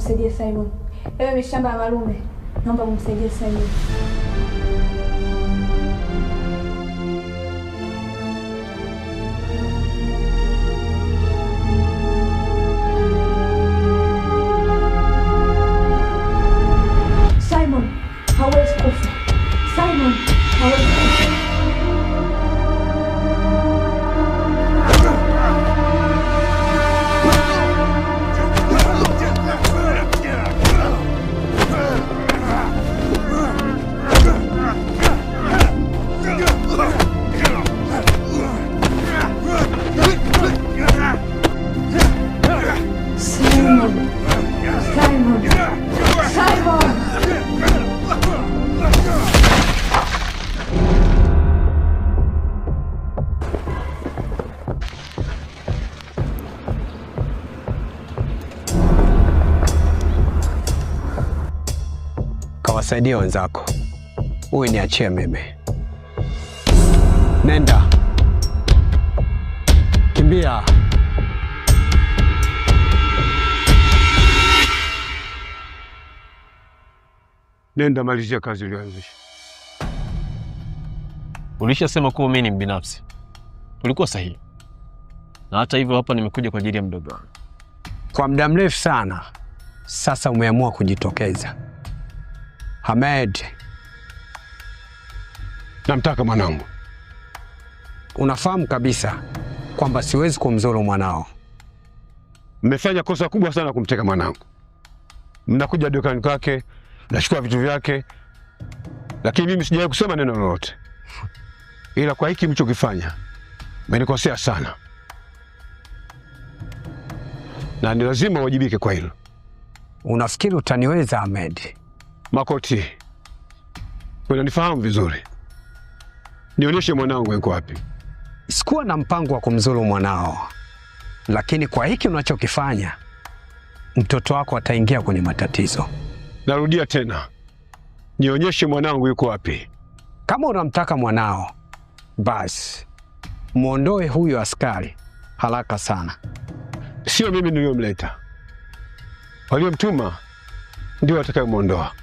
mumsaidie Simon. Ewe mishamba ya malume, naomba mumsaidie Simon. ukawasaidia wenzako. Huyu niachie mimi. Nenda, kimbia. Nenda malizia kazi uliyoanzisha. Ulishasema kuwa mimi ni mbinafsi, ulikuwa sahihi, na hata hivyo hapa nimekuja kwa ajili ya mdogo wangu. Kwa muda mrefu sana sasa umeamua kujitokeza. Hamed, namtaka mwanangu. Unafahamu kabisa kwamba siwezi kumzuru mwanao. Mmefanya kosa kubwa sana kumteka mwanangu. Mnakuja dukani kwake, nachukua vitu vyake, lakini mimi sijawahi kusema neno lolote, ila kwa hiki mlichokifanya mmenikosea sana, na ni lazima uwajibike kwa hilo. Unafikiri utaniweza Ahmed? Makoti, unanifahamu vizuri, nionyeshe mwanangu yuko wapi. Sikuwa na mpango wa kumzuru mwanao, lakini kwa hiki unachokifanya mtoto wako ataingia kwenye matatizo. Narudia tena, nionyeshe mwanangu yuko wapi. Kama unamtaka mwanao, basi mwondoe huyo askari haraka sana. Sio mimi niliyomleta, waliomtuma ndio watakayomwondoa.